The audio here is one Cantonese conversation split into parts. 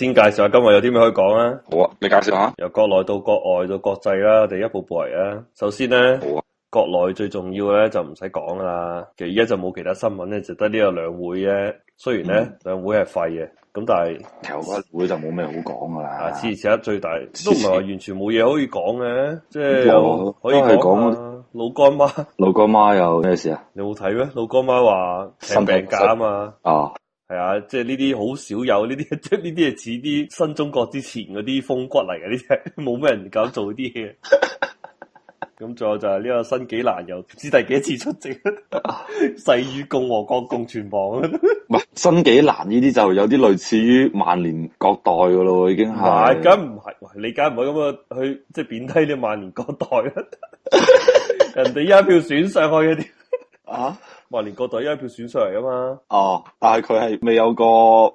先介紹下今日有啲咩可以講啊！好啊，你介紹下。由國內到國外到國際啦，啊，第一步步嚟啊。首先咧，好啊。國內最重要咧就唔使講啦。其實而家就冇其他新聞咧，就只得呢個兩會啫，啊。雖然咧、嗯、兩會係廢嘅，咁但係條街會就冇咩好講啊。次次且最大都唔係話完全冇嘢可以講嘅，即係有可以講啊。老幹媽，老幹媽又咩事啊？你冇睇咩？老幹媽話請病，病假啊嘛。啊。係啊，即係呢啲好少有，呢啲呢啲係似啲新中國之前嗰啲風骨嚟嘅，呢啲冇咩人敢做啲嘢。咁仲 有就係呢個申紀蘭又唔知第幾次出席，誓與共和國共存亡啊！唔係 申紀蘭呢啲就有啲類似於萬年國代噶咯，已經係。梗唔係，你梗唔係咁啊？去即係貶低啲萬年國代啊！ 人哋一票選上去嘅。啊？話連國代一票選出嚟啊嘛，哦，但係佢係未有個誒、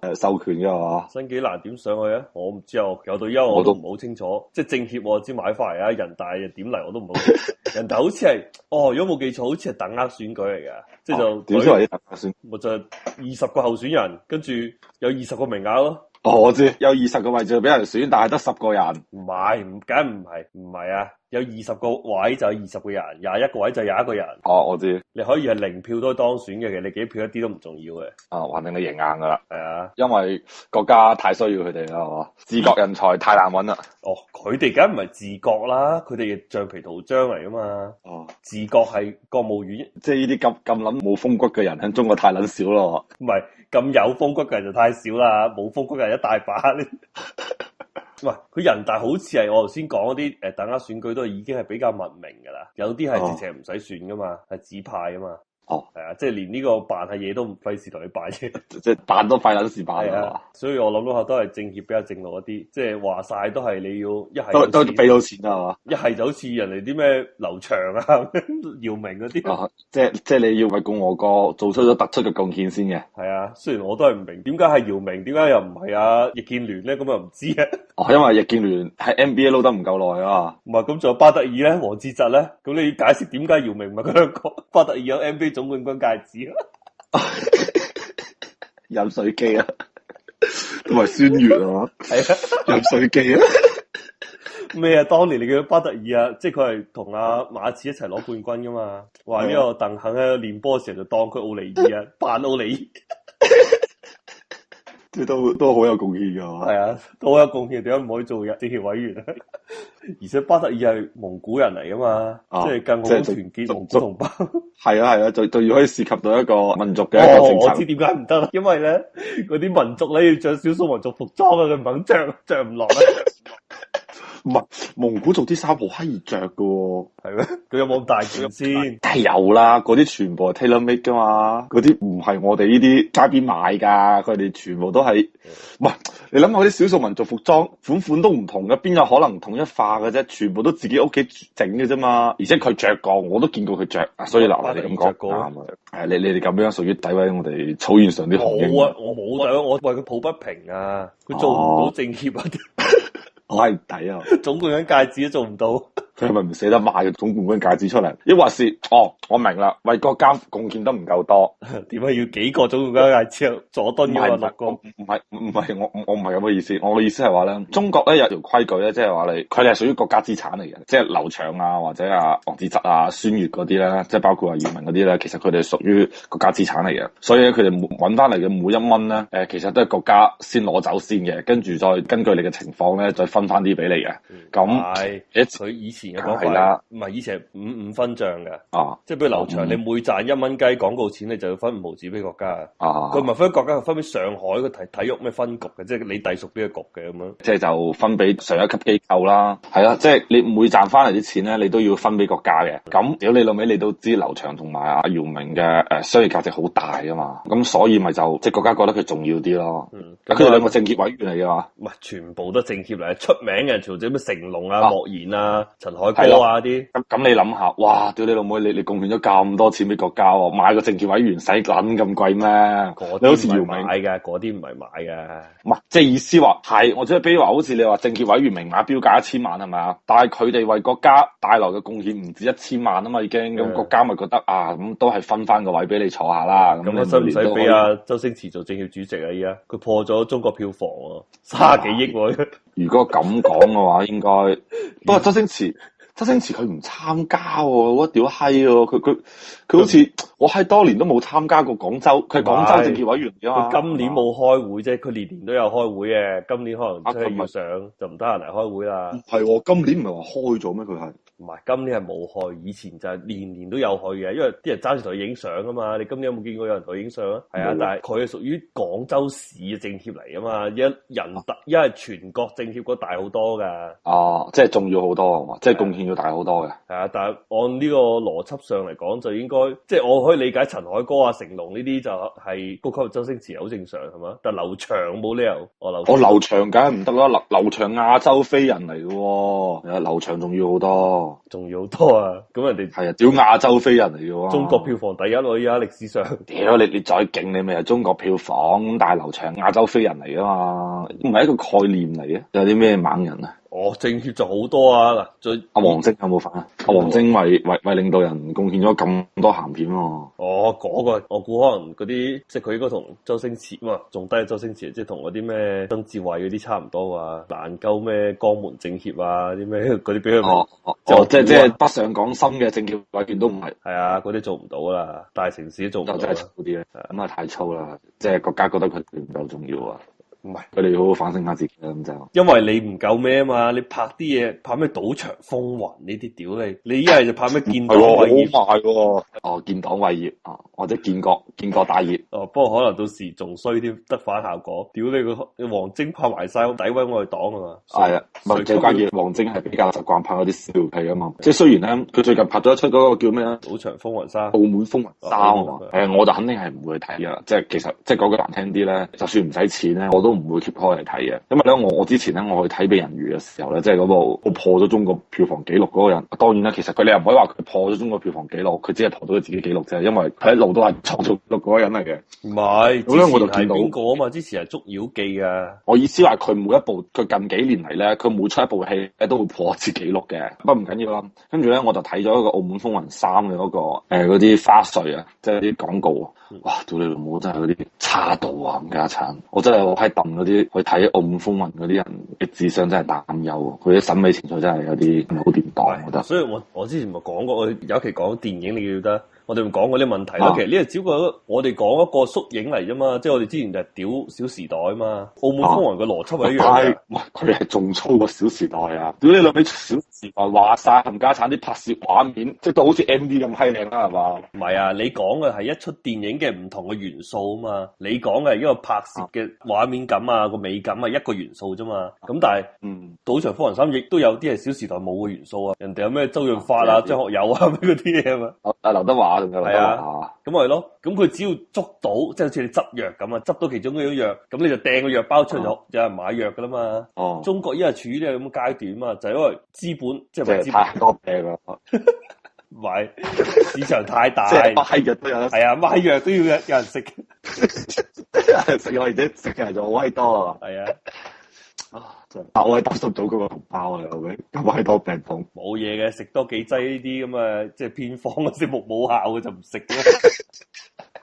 呃、授權嘅嘛？申紀蘭點上去啊？我唔知啊，我有對優我都唔好清楚。都即係政協我知買翻嚟啊，人大又點嚟我都唔好。 人大好似係哦，如果冇記錯，好似係等額選舉嚟嘅，即係就點先話等額選？我就二十個候選人，跟住有二十個名額咯、啊。哦，我知有二十個位置俾人選，但係得十個人。唔係，唔緊，唔係，唔係啊。有二十個位就有二十個人，廿一個位就廿一個人。哦，我知。你可以係零票都當選嘅，其實你幾票一啲都唔重要嘅。哦、啊，橫定,你贏硬噶啦，係啊，因為國家太需要佢哋啦，係嘛，治國人才太難揾啦。 哦，佢哋梗唔係治國啦，佢哋嘅橡皮圖章嚟,啊嘛。哦，治國係國務院，即係呢啲咁咁諗冇風骨嘅人喺中國太捻少咯。唔係咁有風骨嘅人， 人就太少啦，冇風骨嘅人一大把。 唔係佢人大，好似係我頭先講嗰啲誒，等下選舉都已經係比較文明嘅啦，有啲係直情唔使選㗎嘛，係指派㗎嘛。哦，係啊，即係連呢個辦下嘢都唔費事同你辦嘅，即係辦都快，力都蝕啊。所以我諗到下都係政協比較正路一啲，即係話晒都係你要一係都都俾到錢啊嘛，一係就好似人哋啲咩劉翔啊、姚明嗰啲，即係即係你要為共和國做出咗突出嘅貢獻先嘅。係啊，雖然我都係唔明點解係姚明，點解又唔係阿易建聯咧？咁又唔知啊。 哦，因為易建聯喺 NBA 撈得唔夠耐啊嘛。唔係咁，仲有巴特爾咧、王治郅咧，咁你要解釋點解姚明唔係嗰兩個，巴特爾有 n b 總冠軍戒指咯，飲 水機機啊，同埋孫悅啊，係 機啊，飲水機啊，咩啊？當年你叫巴特爾啊，即係佢係同阿馬刺一齊攞冠軍噶嘛？話呢個鄧肯喺練波嘅時候就當佢奧尼爾啊，扮奧尼爾。 即都都好有貢獻噶，係啊，都好有貢獻。點解唔可以做日政協委員啊？而且巴特爾係蒙古人嚟噶嘛，啊、即係更蒙古團結同族同胞。係啊係啊，就就、啊啊啊、要可以涉及到一個民族嘅一個政策，哦。我知點解唔得啦，因為咧嗰啲民族咧要着少數民族服裝啊，佢唔肯着，着唔落啦。 唔係蒙古做啲衫好閪易着嘅喎，係咩？佢有冇咁大件 先說？梗係 有啦，嗰啲全部係 tailor made 噶嘛。嗰啲唔係我哋呢啲街邊買㗎，佢哋全部都係，唔係、嗯、你諗下啲少數民族服裝款款都唔同嘅，邊有可能統一化嘅啫？全部都自己屋企整嘅啫嘛。而且佢着過，我都見過佢著，所以嗱嗱，你咁講，係你你哋咁樣屬於詆毀我哋草原上啲好啊！我冇想我為佢抱不平啊！佢做唔到政協啊！啊 我係唔抵啊， 總共連戒指都做唔到。 佢係咪唔捨得賣個總冠軍戒指出嚟？抑或是哦，我明啦，為國家貢獻得唔夠多，點解 要幾個總冠軍戒指？佐敦要六我我我我個？唔係唔係我我唔係咁嘅意思，我嘅意思係話咧，中國咧有條規矩咧、就是，即係話你佢哋係屬於國家資產嚟嘅，即係劉翔啊或者啊王治郅啊孫悅嗰啲咧，即係包括阿姚明嗰啲咧，其實佢哋係屬於國家資產嚟嘅，所以咧佢哋搵翻嚟嘅每一蚊咧，誒其實都係國家先攞走先嘅，跟住再根據你嘅情況咧再分翻啲俾你嘅。咁誒佢以前。係啦，唔係以前五五分賬嘅，即係比如劉翔，你每賺一蚊雞廣告錢，你就要分五毫紙俾國家。佢唔係分俾國家，係分俾上海個體體育咩分局嘅，即係你隸屬邊個局嘅咁樣。即係就分俾上一級機構啦。係啊，即係你每賺翻嚟啲錢咧，你都要分俾國家嘅。咁如果你老尾，你都知劉翔同埋阿姚明嘅誒商業價值好大啊嘛。咁所以咪就即係國家覺得佢重要啲咯。咁佢哋兩個政協委員嚟嘅嘛？唔係全部都政協嚟，出名嘅，除咗咩成龍啊、莫言啊、陳係咯，啲咁咁你諗下，哇屌你老妹，你你貢獻咗咁多錢俾國家，買個政協委員使撚咁貴咩？嗰啲好似姚係買嘅，嗰啲唔係買嘅。唔係，即係意思話係，我即係比如話，好似你話政協委員明碼標價一千萬係咪啊？但係佢哋為國家帶來嘅貢獻唔止一千萬啊嘛，已經咁的國家咪覺得啊，咁都係分翻個位俾你坐下啦。咁我使唔使俾阿周星馳做政協主席啊，依家佢破咗中國票房三十啊，卅幾億喎。如果咁講嘅話應該，應該不過周星馳。周星馳佢唔參加喎，我屌閪喎，佢佢佢好似 我喺多年都冇參加過廣州，佢係廣州政協委員嚟噶嘛？佢今年冇開會啫，佢吧年年都有開會嘅，今年可能阿佢上、啊、就唔得閒嚟開會啦。係、哦，今年唔係話開咗咩？佢係。唔係，今年係冇去，以前就係年年都有去嘅，因為啲人揸住佢影相啊嘛。你今年有冇見過有人同佢影相啊？係啊，但係佢係屬於廣州市嘅政協嚟啊嘛，一人特一係全國政協個大好多噶。哦，即係重要好多係嘛，即係貢獻要大好多嘅。係啊，但係按呢個邏輯上嚟講，就應該即係我可以理解陳凱歌啊、成龍呢啲就係高過周星馳好正常係嘛，但係劉翔冇理由。我劉我劉翔梗係唔得啦，劉劉翔亞洲飛人嚟嘅喎。啊，劉翔仲要好多。 仲要好多啊！咁人哋係啊，屌亞洲飛人嚟嘅喎，中國票房第一咯，啊，而家歷史上，屌 你你再勁你咪係中國票房大流場，啊，亞洲飛人嚟啊嘛，唔係一個概念嚟嘅。有啲咩猛人啊？哦，政協就好多啊！嗱，最阿王晶有冇份啊？阿王晶為為為領導人貢獻咗咁多鹹片喎、啊。哦，嗰、那個我估可能嗰啲即係佢應該同周星馳啊，仲低周星馳，即係同嗰啲咩曾志偉嗰啲差唔多啊。難夠咩江門政協啊？啲咩嗰啲俾佢。哦哦即係即係北上港深嘅政協委員都唔係。係啊，嗰啲做唔到啦，大城市都做唔到，真係粗啲的的啊。咁啊，太粗啦，即、就、係、是、國家覺得佢唔夠重要啊。唔係，佢哋好好反省下自己咁就。因為你唔夠咩啊嘛？你拍啲嘢拍咩？《賭場風雲》呢啲屌你，你一係就拍咩？建黨偉業喎、啊啊。哦，建黨偉業，或者建國建國大業。哦，不過可能到時仲衰啲，得反效果。屌你個王晶，王晶拍埋晒，曬，詆毀我哋黨啊嘛。係啊，的最關鍵王晶係比較習慣拍嗰啲笑片啊嘛。對 即係雖然咧，佢最近拍咗一出嗰個叫咩咧，賭場風《賭場風雲三》《澳門風雲三、啊》。誒，我就肯定係唔會睇啊！即係其實，即係講句難聽啲咧，就算唔使錢咧，我都。唔會揭開嚟睇嘅，因為咧我我之前咧我去睇美人魚嘅時候咧，即係嗰部我破咗中國票房紀錄嗰個人，當然啦，其實佢你又唔可以話佢破咗中國票房紀錄，佢只係破到佢自己紀錄啫，因為佢一路都係創造到嗰個人嚟嘅。唔係，好啦我就睇，之前係邊個啊嘛？之前係捉妖記啊。我意思話佢每一部，佢近幾年嚟咧，佢每出一部戲都會破一次紀錄嘅。不過唔緊要啦，跟住咧我就睇咗一個澳門風雲三嘅嗰個誒嗰啲花絮啊，即係啲廣告、嗯、有有啊，哇屌你老母真係嗰啲差到啊冚家鏟，我真係我喺嗰啲去睇《澳門風雲》嗰啲人嘅智商真係擔憂，佢啲審美情趣真係有啲唔係好掂檔，我覺得。所以我我之前咪講過，我有一期講電影你記得？ 我哋唔講嗰啲問題咯，其實呢個只不過我哋講一個縮影嚟啫嘛，即係我哋之前就係屌《小時代》啊嘛，澳門風雲嘅邏輯係一樣嘅，佢係重操個過《小時代》啊，屌你兩部《小時代》話晒冚家產啲拍攝畫面，即係都好似 MV 咁閪靚啦，係嘛？唔係啊，你講嘅係一出電影嘅唔同嘅元素啊嘛，你講嘅係一個拍攝嘅畫面感啊個、啊、美感啊一個元素啫嘛，咁但係賭、嗯、場風雲三亦都有啲係《小時代》冇嘅元素啊，人哋有咩周潤發啊張的學友啊嗰啲嘢啊，啊劉德華。係啊，咁咪咯，咁、嗯、佢只要捉到，即係好似你執藥咁啊，執到其中一樣藥，咁、嗯、你就掟個藥包出咗，哦、有人買藥噶啦嘛。哦，中國依家處於呢個咁嘅階段嘛，就係、因為資本即係、就是、太多掟啊。唔係 市場太大， 即買藥都有得，係 啊，買藥都要有人食，食 藥 而且食嘅人好威多啊，係啊。啊！真係，我係擔心咗嗰個紅包啊，後尾咁閪多病痛，冇嘢嘅，食多幾劑呢啲咁啊，即係偏方啊，即係冇效嘅就唔食嘅。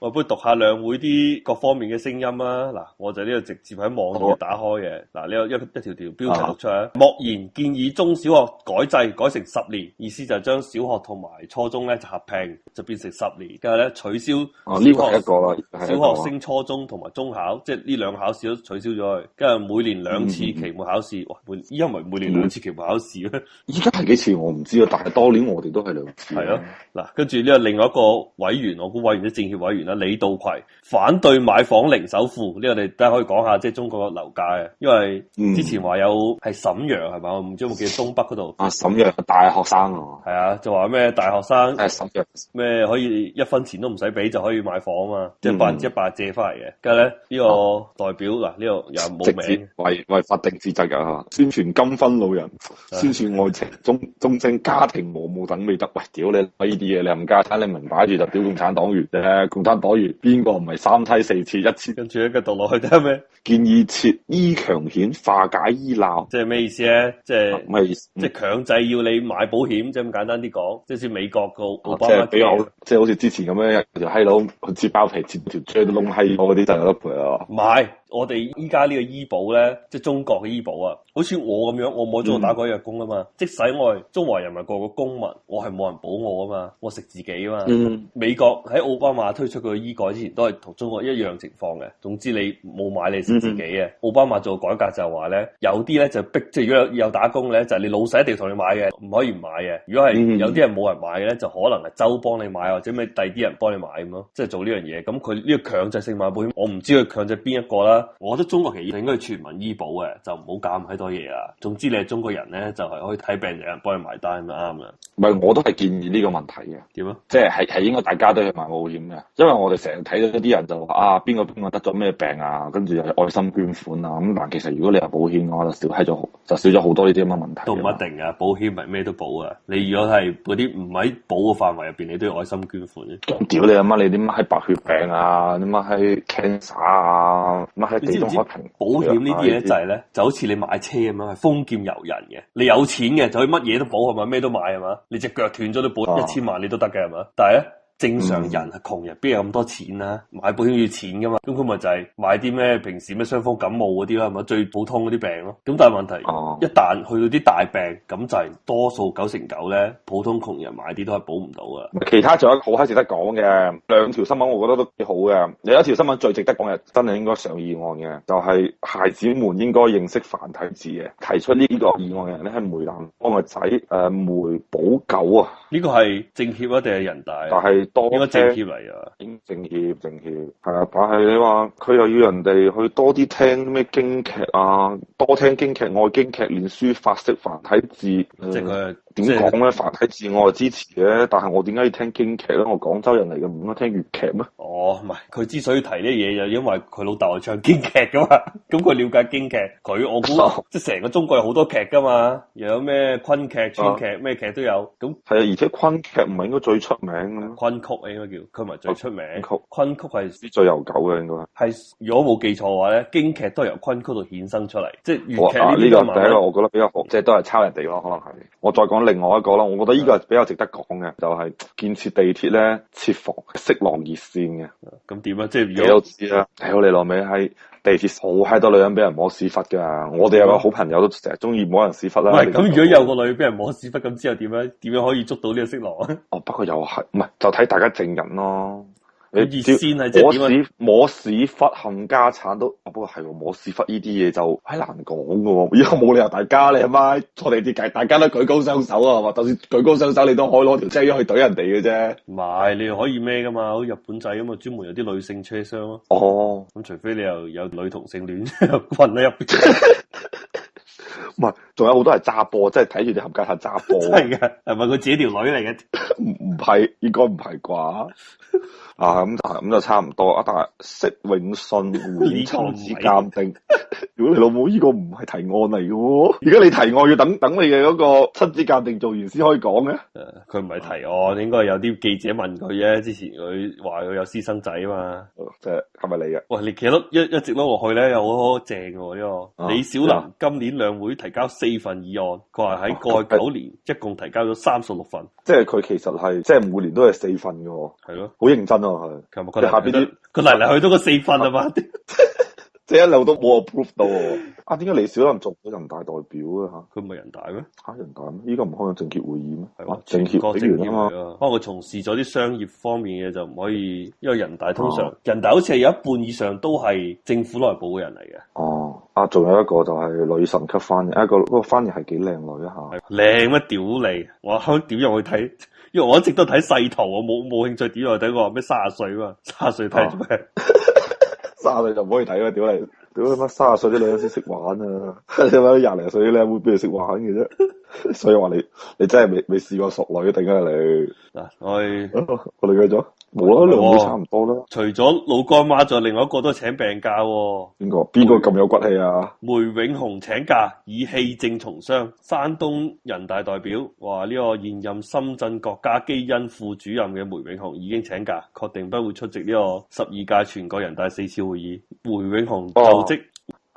我不如讀下兩會啲各方面嘅聲音啦、啊。嗱，我就呢度直接喺網度打開嘅。嗱、啊，呢個一一條條標題讀出嚟啊。啊莫言建議中小學改制改成十年，意思就係將小學同埋初中咧就合併，就變成十年。跟住咧取消呢、啊呢個一個咯，呢個、個小學升初中同埋中考，即係呢兩個考試都取消咗。跟住每年兩次期末考試，嗯、哇！依家唔係每年兩次期末考試咩？依家係幾次我唔知啊，但係當年我哋都係兩次。係咯、啊，嗱，跟住呢個另外一個委員，我估委員即係政協委員。李道葵反對買房零首付呢，我哋都可以講下即係、就是、中國嘅樓價嘅，因為之前話有係瀋陽係咪？我唔知有冇記東北嗰度啊？瀋陽嘅大學生啊，係啊，就話咩大學生係、啊、瀋陽咩可以一分錢都唔使俾就可以買房啊嘛，即係百分之一百借翻嚟嘅。跟住咧呢、這個代表嗱呢、啊、個又冇名，為為法定職責噶吓，宣傳金婚老人，啊、宣傳愛情，忠忠貞家庭和睦等未得，喂屌你呢啲嘢，你唔加餐，你明擺住就屌共產黨員嘅共產躲完邊個唔係三梯四次一次跟住一個度落去聽咩？建議設醫強險化解醫鬧，即係咩意思咧？是即係唔係意思？即係強制要你買保險，即係咁簡單啲講，即係似美國個奧巴馬，即係比較，即係好似之前咁樣，有條閪佬切包皮切條最窿閪我嗰啲就有得賠啊！買。我哋依家呢個醫保咧，即係中國嘅醫保啊，好似我咁樣，我冇喺中國打過一日工啊嘛。嗯、即使我係中華人民國嘅公民，我係冇人保我啊嘛，我食自己啊嘛。嗯、美國喺奧巴馬推出佢嘅醫改之前，都係同中國一樣情況嘅。總之你冇買你食自己嘅。奧巴馬做改革就係話咧，有啲咧就逼，即係如果有打工咧，就係你老細一定同你買嘅，唔可以唔買嘅。如果係有啲人冇人買咧，就可能係州幫你買，或者咪第二啲人幫你買咁咯，即係做呢樣嘢。咁佢呢個強制性買保險，我唔知佢強制邊一個啦。我覺得中國其實應該係全民醫保嘅，就唔好搞咁閪多嘢啊。總之你係中國人咧，就係、是、可以睇病有人幫你埋單咁就啱啦。唔係我都係建議呢個問題嘅。點樣、嗯？即係係應該大家都要買保險嘅，因為我哋成日睇到啲人就話啊，邊個邊個得咗咩病啊，跟住又愛心捐款啊。咁但其實如果你係保險嘅話，就少咗，好多呢啲咁嘅問題。都唔一定嘅、啊，保險唔係咩都保啊。你如果係嗰啲唔喺保嘅範圍入邊，你都要愛心捐款、啊。屌你阿媽，你點解喺白血病啊，你點解喺 cancer 啊，你知唔知保險這呢啲嘢咧就係、是、咧，就好似你買車咁樣，係豐儉由人嘅。你有錢嘅就可以乜嘢都保係嘛，咩都買係嘛。你隻腳斷咗都保一千萬可以，你都得嘅係嘛。但係正常人係窮人，邊有咁多錢啊？買保險要錢噶嘛，咁佢咪就係買啲咩平時咩傷風感冒嗰啲啦，係咪最普通嗰啲病咯、啊？咁但係問題，哦、一旦去到啲大病，咁就係多數九成九咧，普通窮人買啲都係保唔到嘅。其他仲有個好閪值得講嘅兩條新聞，我覺得都幾好嘅。有一條新聞最值得講嘅，真係應該上議案嘅，就係、是、孩子們應該認識繁體字嘅。提出呢個議案嘅人咧係梅蘭芳嘅仔，誒、呃、梅葆玖啊。呢個係政協一定係人大？但係。多聽，應該政協嚟啊！應該政協政協，係啊！但係你話佢又要人哋去多啲聽咩京劇啊，多聽京劇，愛京劇，練書法，識繁體字，點講咧？繁體字我係支持嘅，但係我點解要聽京劇咧？我廣州人嚟嘅，唔應該聽粵劇咩？哦，唔係，佢之所以提呢嘢，就因為佢老豆係唱京劇噶嘛，咁 佢了解京劇。佢我估 即係成個中國有好多劇噶嘛，又有咩昆劇、川劇，咩 劇都有。咁係啊，而且昆劇唔係應該最出名咩？ 曲應該叫佢咪最出名曲，昆曲係最悠久嘅應該係。如果冇記錯嘅話咧，京劇都係由昆曲度衍生出嚟，即係粵劇呢個第一個我覺得比較好即係、就是、都係抄人哋咯，可能係。我再講另外一個啦，我覺得呢個係比較值得講嘅，的就係建設地鐵咧，設防色狼熱線嘅。咁點、嗯嗯、啊？即係如果我知啦，係我落尾係。地鐵好閪多女人俾人摸屎忽噶，我哋有個好朋友都成日中意摸人屎忽啦。係咁喂，如果有個女俾人，人摸屎忽，咁之後點樣點樣可以捉到呢個色狼啊？ 哦，不過又係唔係就睇大家證人咯。你意思係即係點啊？摸屎、摸屎、忽冚家鏟都，不過係摸屎忽呢啲嘢就係難講噶喎。而家冇理由大家你阿媽坐地鐵，大家都舉高雙手啊，係嘛？就算舉高雙手，你都可以攞條車去懟人哋嘅啫。唔係，你又可以咩噶嘛？好似日本仔咁啊，專門有啲女性車廂咯。哦，咁除非你又有女同性戀混喺入邊。唔係。 仲有好多係炸波，即係睇住你合格客炸波。真係嘅，係咪佢自己條女嚟嘅？唔唔係，應該唔係啩？ 啊，咁咁就差唔多。但係釋永信，理，親子鑑定。如果、 哎、你老母呢、這個唔係提案嚟嘅，如果你提案要等等你嘅嗰個親子鑑定做完先可以講嘅。佢唔係提案，應該有啲記者問佢啫。之前佢話佢有私生仔啊嘛。啊即係係咪你嘅？哇，你其實一一直攞落去咧，又好正喎呢個、啊。李小琳、啊、今年兩會提交四份議案，佢係喺過去九年、啊、一共提交咗三十六份，即係佢其實係即係每年都係四份嘅，係咯的，好認真啊佢。來來得下邊啲，佢嚟嚟去都個四份啊嘛。的 即一路都冇 approve 到啊！點解李小林做咗人大代表啊？嚇，佢唔係人大咩？嚇，人大咩？依家唔開緊政協會議咩？係嘛？政協幾完啦？不過佢從事咗啲商業方面嘅就唔可以，因為人大通常、啊、人大好似係有一半以上都係政府內部嘅人嚟嘅。哦、啊，啊，仲有一個就係女神級翻譯的一個，不、那、過、個、翻譯係幾靚女啊。嚇。靚乜屌你！我點入去睇？因為我一直都睇細圖，我冇冇興趣點入去睇。我話咩三啊歲嘛？三啊歲睇做咩？ 三十歲就唔可以睇喎，屌你！屌你媽，卅歲啲女先識玩啊！你 媽，廿零歲你有冇邊度識玩嘅啫？所以話你，你真係未未試過熟女定啊你？嗱我， 我我哋繼續。冇得兩杯差唔多啦、哦。除咗老乾媽，仲另外一個都請病假、哦。邊個？邊個咁有骨氣啊？梅永雄請假，以棄政從商。山東人大代表話呢個現任深圳國家基因副主任嘅梅永雄已經請假，確定不會出席呢個十二屆全國人大四次會議。梅永雄就職、哦。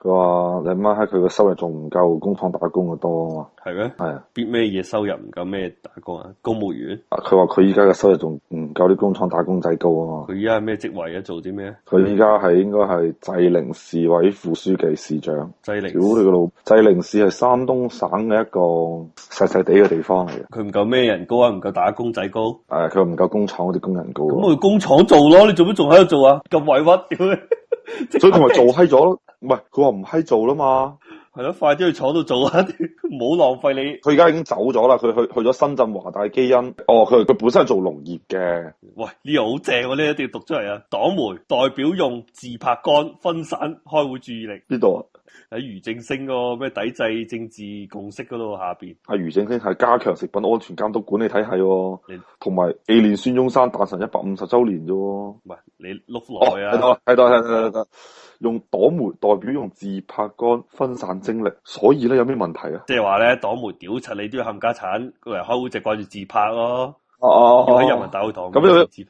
佢話你阿媽喺佢個收入仲唔夠工廠打工嘅多啊嘛？係咩？係、啊，畢咩嘢收入唔夠咩打工啊？公務員？啊，佢話佢依家嘅收入仲唔夠啲工廠打工仔高啊嘛？佢依家係咩職位啊？做啲咩？佢依家係應該係濟寧市委副書記、市長。濟寧，你個老濟寧市係山東省嘅一個細細地嘅地方嚟嘅。佢唔夠咩人高啊？唔夠打工仔高？誒、啊，佢唔夠工廠嗰啲工人高、啊。咁去工廠做咯？你做咩仲喺度做啊？咁委屈屌！所以佢咪做嗨咗咯？唔係， 佢話唔嗨做啦嘛。係咯，快啲去廠度做啦，唔好浪費你。佢而家已經走咗啦，佢去去咗深圳華大基因。哦，佢佢本身係做農業嘅。喂，呢、呢個好正喎、啊，呢一定要讀出嚟啊！黨媒代表用自拍桿分散開會注意力。呢度啊？喺俞正聲個咩抵制政治共識嗰度下邊，阿俞正聲係加強食品安全監督管理體系、哦，同埋紀念孫中山誕辰一百五十周年啫。喂，你碌落去啊？係多、哦，係係係用黨媒代表用自拍杆分散精力，所以咧有咩問題啊？即係話咧，黨媒屌柒你都要冚家鏟，佢嚟開會淨掛住自拍咯，哦，哦，要喺人民大會堂咁樣自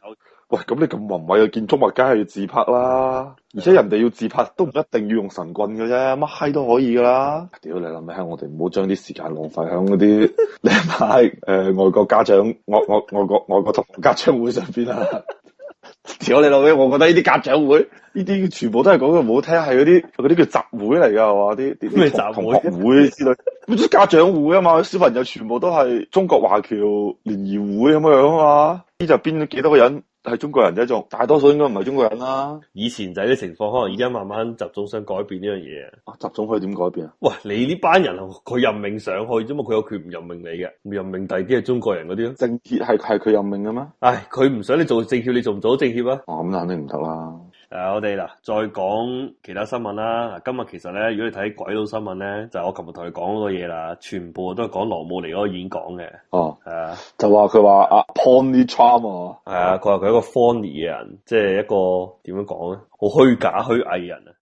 喂，咁你咁宏偉嘅建築物，梗係要自拍啦！而且人哋要自拍，都唔一定要用神棍嘅啫，乜閪都可以噶啦！屌你諗下，我哋唔好將啲時間浪費喺嗰啲你睇誒、呃、外國家長，我我外國外國同家長會上邊啊？屌你老味！我覺得呢啲家長會，呢啲全部都係講句唔好聽，係嗰啲啲叫集會嚟㗎，係話啲咩集會同學會之類？家長會啊嘛，小朋友全部都係中國華僑聯誼會咁樣啊嘛，呢就邊幾多個人？係中國人一種，大多數應該唔係中國人啦。以前仔啲情況，可能而家慢慢習總想改變呢樣嘢啊。習總可以點改變啊？喂，你呢班人，佢任命上去啫嘛，佢有權唔任命你嘅，唔任命第啲係中國人嗰啲咯。政協係係佢任命嘅咩？唉，佢唔想你做政協，你做唔做到政協啊？哦，咁肯定唔得啦。誒，uh, 我哋嗱再講其他新聞啦。今日其實咧，如果你睇鬼佬新聞咧，就是、我琴日同你講嗰個嘢啦，全部都係講羅姆尼嗰個演講嘅。哦，係啊，uh, 就話佢話阿 Pony Trump 啊，係啊，佢話佢一個 phony 嘅人，即係、uh, 一個點樣講咧，好虛假虛偽人、好偽人啊。